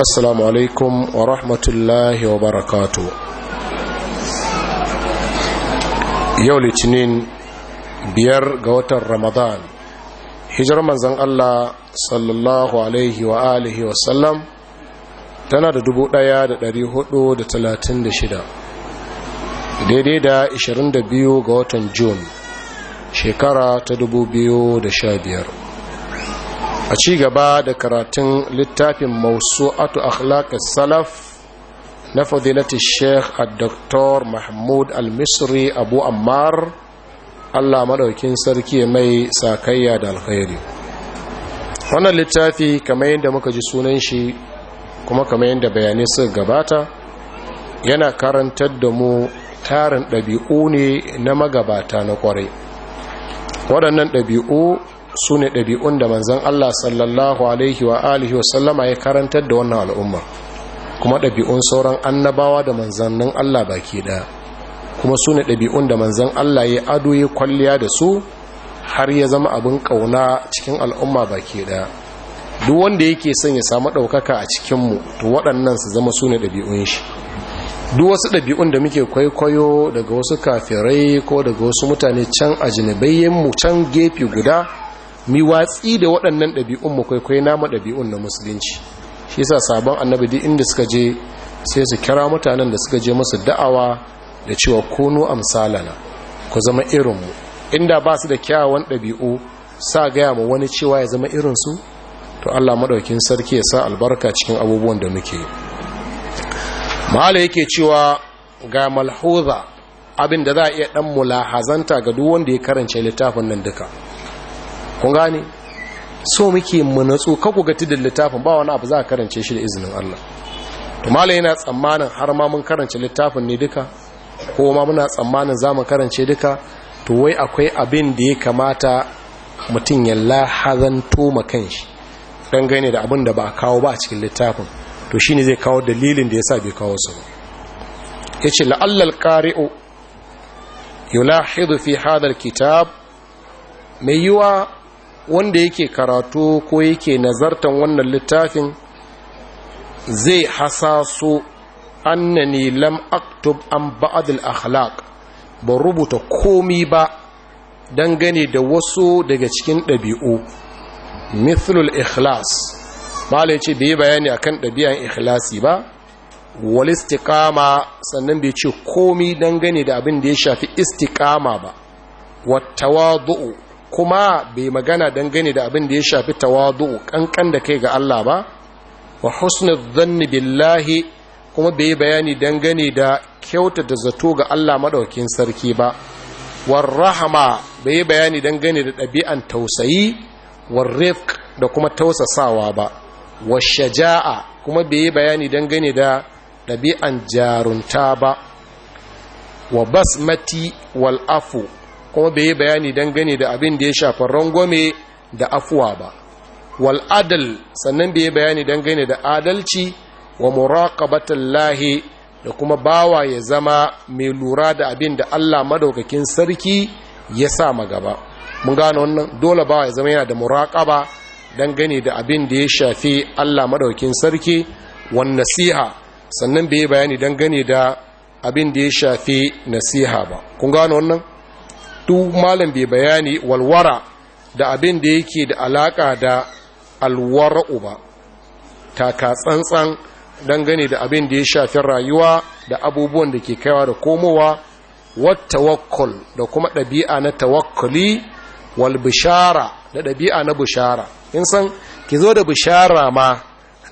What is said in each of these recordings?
assalamu alaikum wa rahmatullahi wa barakatu yau litinin biyar ga watan ramadan hijirar manzan allah sallallahu alaihi wa alihi tana da dubu ɗaya da dari hudu da talatin da shida daidai da ashirin da biyu ga watan Jun shekara ta dubu biyu da sha biyar a ci gaba da karatun littafin mausu'atu akhlaq salaf na fadilati sheikh al-doktor mahmud al-misri abu ammar allah maɗaukin sarki mai sakayya da alkhairi wannan littafi kamar yadda muka ji sunan shi kuma kamar yadda bayanai suka gabata yana karantar da mu tarin ɗabi'u ne na magabata na ƙwarai waɗannan ɗabi'u su ne ɗabi'un da manzan Allah sallallahu alaihi wa alihi wa sallama ya karantar da wannan al'umma kuma ɗabi'un sauran annabawa da manzannin Allah baki ɗaya kuma su ne ɗabi'un da manzan Allah ya ado ya kwalliya da su har ya zama abin ƙauna cikin al'umma baki ɗaya duk wanda yake son ya samu ɗaukaka a cikinmu to waɗannan su zama su ne ɗabi'un shi duk wasu ɗabi'un da muke kwaikwayo daga wasu kafirai ko daga wasu mutane can ajinabayyenmu can gefe guda mi watsi da waɗannan ɗabi'un mu kwaikwai nama ɗabi'un na musulunci shi yasa sabon annabi duk inda suka je sai su kira mutanen da suka je musu da'awa da cewa kunu amsalana ku zama irinmu inda ba su da kyawawan ɗabi'u sa gaya ma wani cewa ya zama irin su, to Allah maɗaukin sarki ya sa albarka cikin abubuwan da muke mahala yake cewa ga malhuza abin da za a iya ɗan mulahazanta ga duk wanda ya karance littafin nan duka kun gane so muke mu kaku ka ku ga littafin ba wani abu za a karance shi da izinin Allah to malai yana tsammanin har ma mun karance littafin ne duka ko ma muna tsammanin za mu karance duka to wai akwai abin da ya kamata mutum ya lahazanto ma kanshi don gane da abin da ba a kawo ba a cikin littafin to shi ne zai kawo dalilin da ya sa bai kawo su ya ce la'allal Kari'u. yulahidu fi hadar kitab mai yiwa wanda yake karatu ko yake nazartan wannan littafin zai hasaso annani lam aktub an ba'adil akhlaq ba rubuta komi ba dangane da wasu daga cikin ɗabi'u mithlul ikhlas malai ce bai bayani akan ɗabi'an ikhlasi ba wal istiqama sannan bai ce komi dangane da abin da ya shafi istiqama ba wat tawadu kuma bai magana dangane da abin da ya shafi tawadu kankan da kai ga Allah ba wa husnul dhanni billahi kuma bai bayani dangane da kyautata zato ga Allah madaukakin sarki ba war rahama bai bayani dangane da ɗabi'an tausayi war rifq da kuma tausasawa ba wa shaja'a kuma bai bayani dangane da ɗabi'an jarunta ba wa basmati wal afu kuma bai yi bayani dangane da abin da ya shafar rangwame da afuwa ba wal adal sannan bai yi bayani dangane da adalci wa muraqabatul lahi da kuma bawa ya zama mai lura da abin da Allah madaukakin sarki ya sa magaba mun gano wannan dole bawa ya zama yana da muraqaba dangane da abin da ya shafi Allah madaukakin sarki wan nasiha sannan bai yi bayani dangane da abin da ya shafi nasiha ba kun gano wannan duk malam bai bayani walwara da abin da yake da alaka da alwara'u ba taka tsantsan dangane da abin da ya shafi rayuwa da abubuwan da ke kaiwa da komowa wat tawakkul da kuma ɗabi'a na tawakkuli wal bishara da ɗabi'a na bishara in san ki zo da bishara ma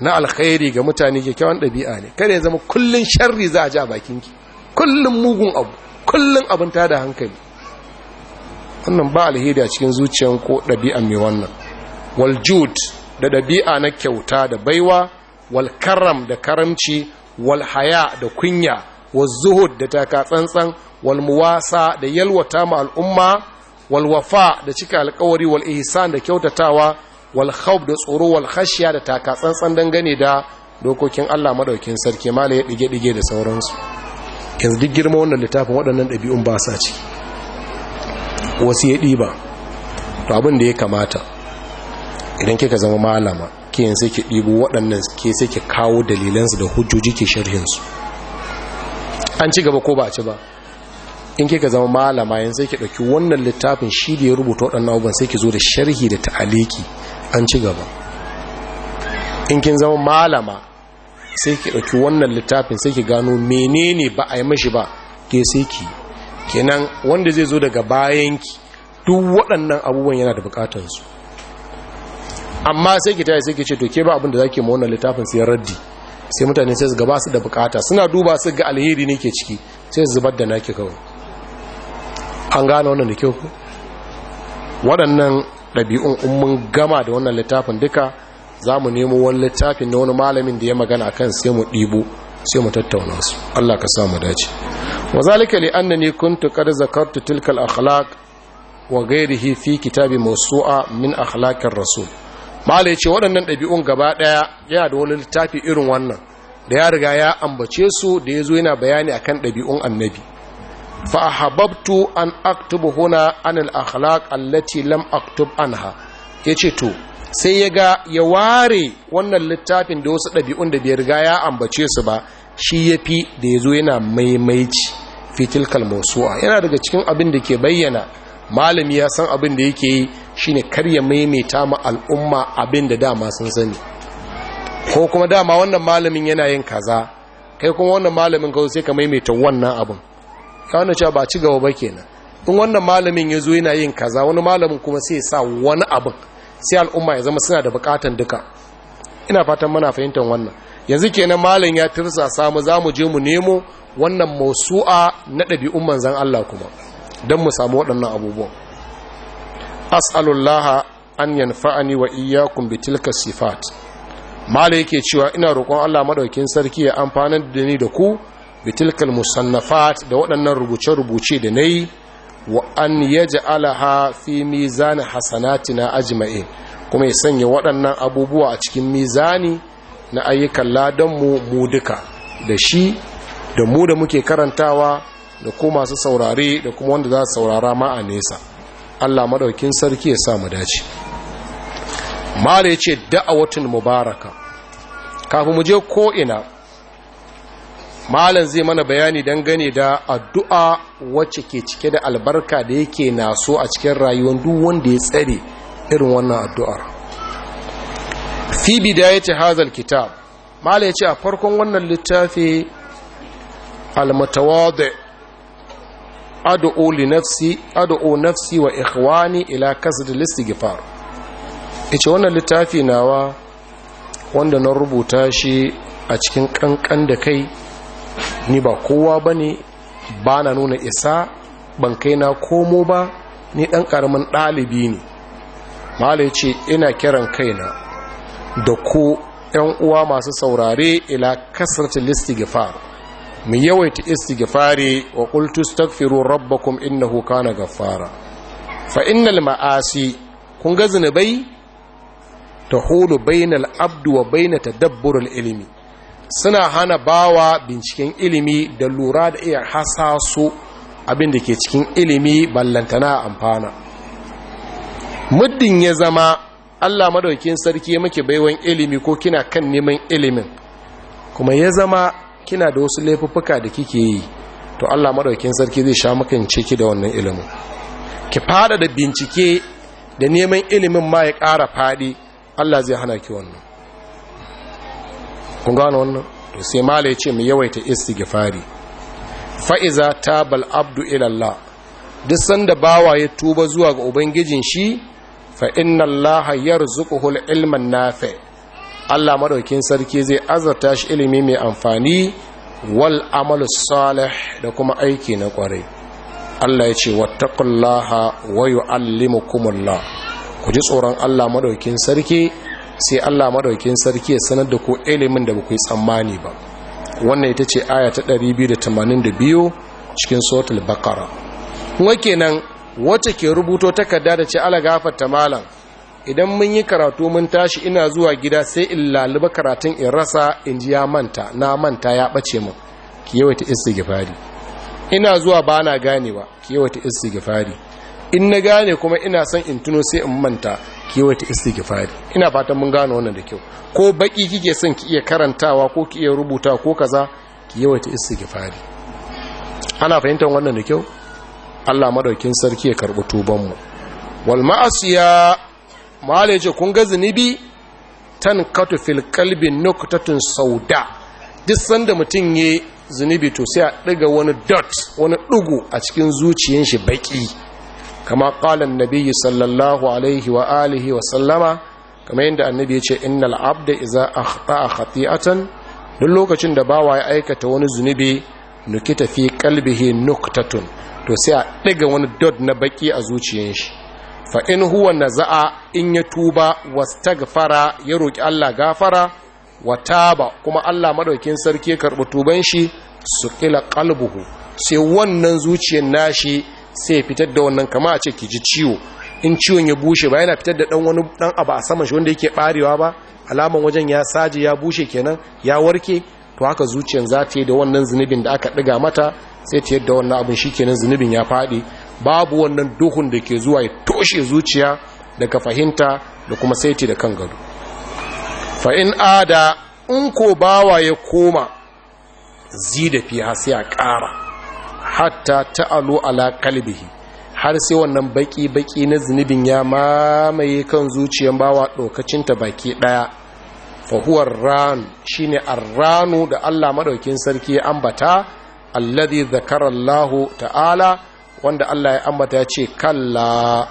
na alkhairi ga mutane ke kawan ɗabi'a ne kada ya zama kullun sharri za a ji a bakinki kullun mugun abu kullun abin tada hankali wannan ba alheri a cikin zuciyan ko ɗabi'a mai wannan waljud da ɗabi'a na kyauta da baiwa walkaram da karamci walhaya da kunya walzuhud da takatsantsan, tsantsan walmuwasa da yalwata ma al'umma walwafa da cika alkawari ihsan da kyautatawa walkhawf da tsoro walkhashiya da takatsantsan dangane da dokokin Allah madaukin sarki mala ya dige dige da sauransu yanzu duk girma wannan littafin waɗannan ɗabi'un ba sa ciki wasu ya ba to abin da ya kamata idan kika zama malama ke yin sai ki ɗibo waɗannan ke sai ki kawo dalilansu da hujjoji ke sharhinsu an ci gaba ko ba ci ba in kika zama malama yin sai ki ɗauki wannan littafin shi da ya rubuta waɗannan abubuwan sai ki zo da sharhi da ta'aliki an ci gaba in kin zama malama sai ki ɗauki wannan littafin sai ki gano menene ba a yi mashi ba ke sai ki kenan wanda zai zo daga bayanki duk waɗannan abubuwan yana da bukatansu amma sai ki tayi sai ki ce to ke ba abin da zake ma wannan littafin sai raddi sai mutane sai su gaba su da bukata suna duba su ga alheri ne ke ciki sai su zubar da naki kawai an gane wannan da kyau ku waɗannan ɗabi'un in mun gama da wannan littafin duka za mu nemo wani littafin na wani malamin da ya magana akan sai mu ɗibo sai mu tattauna su allah ka sa mu dace وذلك لأنني كنت قد ذكرت تلك الأخلاق tilka في كتاب موسوعة من أخلاق الرسول ما min akhlaqir rasu. malai ce waɗannan ɗabi'un gaba ɗaya yana da wani littafi irin wannan da ya riga ya ambace su da ya zo yana bayani akan ɗabi'un annabi fa ahabbtu an aktubu huna an al akhlaq allati lam aktub anha yace to sai ya ga ya ware wannan littafin da wasu ɗabi'un da bai riga ya ambace su ba shi yafi da ya zo yana maimaici fi tilkal mawsu'a yana daga cikin abin da ke bayyana malami ya san abin da yake yi shine karya maimaita ma al'umma abin da dama sun sani ko kuma dama wannan malamin yana yin kaza kai kuma wannan malamin kawai sai ka maimaita wannan abin ya wannan cewa ba ci gaba ba kenan in wannan malamin ya zo yana yin kaza wani malamin kuma sai sa wani abin sai al'umma ya zama suna da bukatan duka ina fatan muna fahimtar wannan yanzu kenan malam ya tirsa samu za mu je mu nemo wannan mausu'a na ɗabi'un manzan Allah kuma don mu samu waɗannan abubuwan As'alullaha an yanfa'ani wa iyyakum bi tilka sifat mala yake cewa ina roƙon Allah maɗaukin sarki ya amfanar da ni da ku bi tilka musannafat da waɗannan rubuce-rubuce da nayi wa an yaj'alaha fi mizan hasanatina ajma'in kuma ya sanya waɗannan abubuwa a cikin mizani na ayyukan ladanmu mu duka da shi da mu da muke karantawa da ko masu saurare da kuma wanda za su saurara ma a nesa Allah maɗaukin sarki ya sa mu dace mala yace da'awatun mubaraka kafin mu je ko'ina malam zai mana bayani dangane da addu'a wacce ke cike da albarka da yake naso a cikin rayuwar duk wanda ya tsare irin wannan addu'ar fi bidayati hazal kitab mala yace a farkon wannan littafi al-mutawadi ad'u li nafsi wa ikhwani ila kasd al Ya yace wannan littafi nawa wanda na rubuta shi a cikin kankan da kai ni ba kowa bane ba na nuna isa ban kai na komo ba ni dan karamin dalibi ne mala yace ina kiran kaina da ko ‘yan uwa masu saurare ila kasarci listigifar mu yawaita istigifari wa ƙultu stagfiru rabbakum innahu kana gaffara fa innal ma'asi kun ga zunubai ta hulu bainal abdu wa baina tadabburul ilimi suna hana bawa binciken ilimi da lura da iya hasaso abin da ke cikin ilimi ballantana amfana muddin ya zama Allah madaukin sarki ya baiwan ilimi ko kina kan neman ilimin kuma ya zama kina da wasu laifuffuka da kike yi to Allah madaukin sarki zai sha maka ciki da wannan ilimin ki fada da bincike da neman ilimin ma ya ƙara fadi Allah zai hana ki wannan kun gano wannan to sai malai ce mu yawaita istighfari fa iza tabal abdu ila Allah duk sanda bawa ya tuba zuwa ga ubangijin shi fa inna allaha yarzuquhu ilman nafi Allah madaukin sarki zai azarta shi ilimi mai amfani wal amalu salih da kuma aiki na kwarai Allah ya ce wattaqullaha wa yuallimukumullah ku ji tsoron Allah madaukin sarki sai Allah madaukin sarki ya sanar da ku ilimin da baku tsammani ba wannan ita ce aya ta 282 cikin suratul bakara. kuma kenan wacce ke rubuto takarda da ce ala gafarta malam idan mun yi karatu mun tashi ina zuwa gida sai in laluba karatun in rasa in ji ya manta na manta ya ɓace min ki yawaita istighfari ina zuwa ba na ganewa ki yawaita istighfari in na gane kuma ina son in tuno sai in manta ki yawaita istighfari ina fatan mun gano wannan da kyau ko baki kike son ki iya karantawa ko ki iya rubuta ko kaza ki yawaita istighfari ana fahimtar wannan da kyau Allah madaukin sarki ya karɓi tubanmu wal ma'asiya malaje kun ga zunubi tan katu fil qalbi nuktatun sauda duk sanda mutum ya zunubi to sai a ɗiga wani dot wani ɗugu a cikin zuciyar shi baki kama qala Nabiyyu sallallahu alaihi wa alihi wa sallama kamar yadda annabi ya ce innal abda iza akhta khati'atan duk lokacin da bawa ya aikata wani zunubi nukita fi kalbihi nuktatun to sai a ɗiga wani dot na baki a zuciyar shi fa in huwa naza'a in ya tuba wastagfara ya roki Allah gafara wa taba kuma Allah madaukin sarki karɓi tuban shi kila kalbuhu sai wannan zuciyar nashi sai fitar da wannan kama a ce ki ji ciwo in ciwon ya bushe ba yana fitar da dan wani dan abu a saman shi wanda yake barewa ba alaman wajen ya saji ya bushe kenan ya warke to haka zuciyar za ta yi da wannan zunubin da aka ɗiga mata sai ta yadda wannan abin shi kenan zunubin ya faɗi babu wannan duhun da ke zuwa ya toshe zuciya daga fahimta da kuma sai saiti da kan gado fa'in ada in ko bawa ya koma zi da fiya sai a ƙara hatta ta alo ala kalbihi har sai wannan baki-baki na zunubin ya mamaye kan zuciyan bawa ɗaukacinta baki ɗaya fahuwar ran shi ne arranu da Allah maɗaukin sarki ya ambata alladhi zakarallahu ta'ala wanda Allah ya ambata ya ce kalla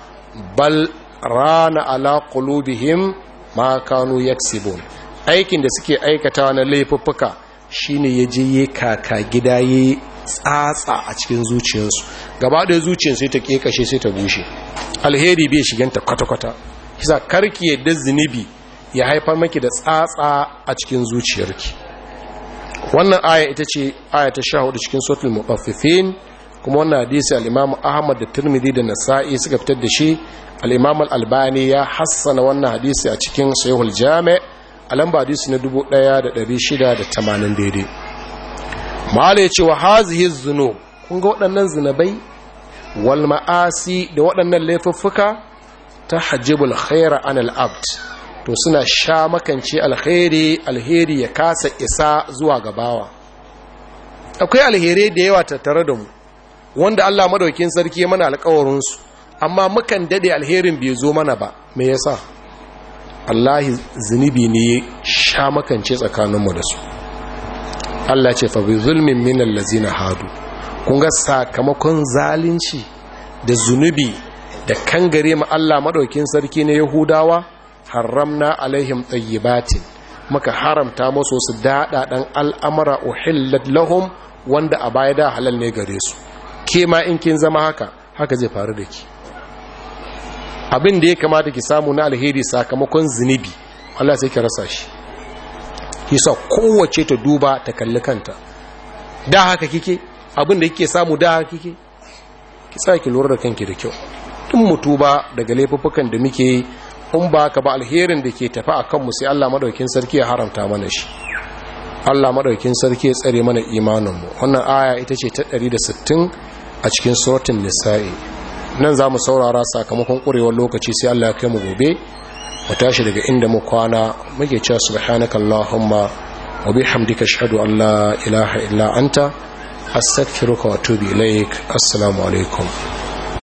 bal rana ala qulubihim ma kanu yaksibun aikin da suke aikata na laifuffuka shine yaje yi kaka gida yi tsatsa a cikin zuciyarsu gaba da sai ta kekashe sai ta bushe alheri bai shiganta kwata-kwata kisa karki yadda zunubi ya haifar maki da tsatsa a cikin zuciyarki wannan aya ita ce aya ta sha hudu cikin sotul mutaffifin kuma wannan hadisi al ahmad da tirmidhi da nasa'i suka fitar da shi al albani ya hassana wannan hadisi a cikin sahihul jami' a lamba hadisi na 1680 daidai ma'ala ya ce wa hazihi zunub kun ga waɗannan zinabai, walma'asi da waɗannan laifuffuka ta hajjibul khaira anil abd to suna sha makance alheri alheri ya kasa isa zuwa gabawa akwai alheri da yawa tattare da mu wanda Allah madaukin sarki mana su, amma mukan dade alherin bai zo mana ba me yasa Allahi zunubi ne sha makance tsakaninmu da su Allah ce fa bi zulmin min allazina hadu kun ga sakamakon zalunci da zunubi da kangare mu, Allah madaukin sarki na Yahudawa haramna alaihim tayyibatin muka haramta musu su daɗaɗan al'amara uhillat lahum wanda a baya da halal ne gare su ke ma in kin zama haka haka zai faru da ki abin da ya kamata ki samu na alheri sakamakon zunubi Allah sai ki rasa shi yasa kowace ta duba ta kalli kanta da haka kike abin da kike samu da haka kike ki sa ki lura da kanki da kyau tun mutu daga laifuffukan da muke yi in ba haka ba alherin da ke tafi a kanmu sai Allah madaukin sarki ya haramta mana shi Allah madaukin sarki ya tsare mana imaninmu wannan aya ita ce ta 160 a cikin suratul nisa'i nan za mu saurara sakamakon ƙurewar lokaci sai Allah ya kai mu gobe mu tashi daga inda mu kwana muke cewa subhanakallahumma wa bihamdika ashhadu an la ilaha illa anta astaghfiruka wa atubu ilaik assalamu alaikum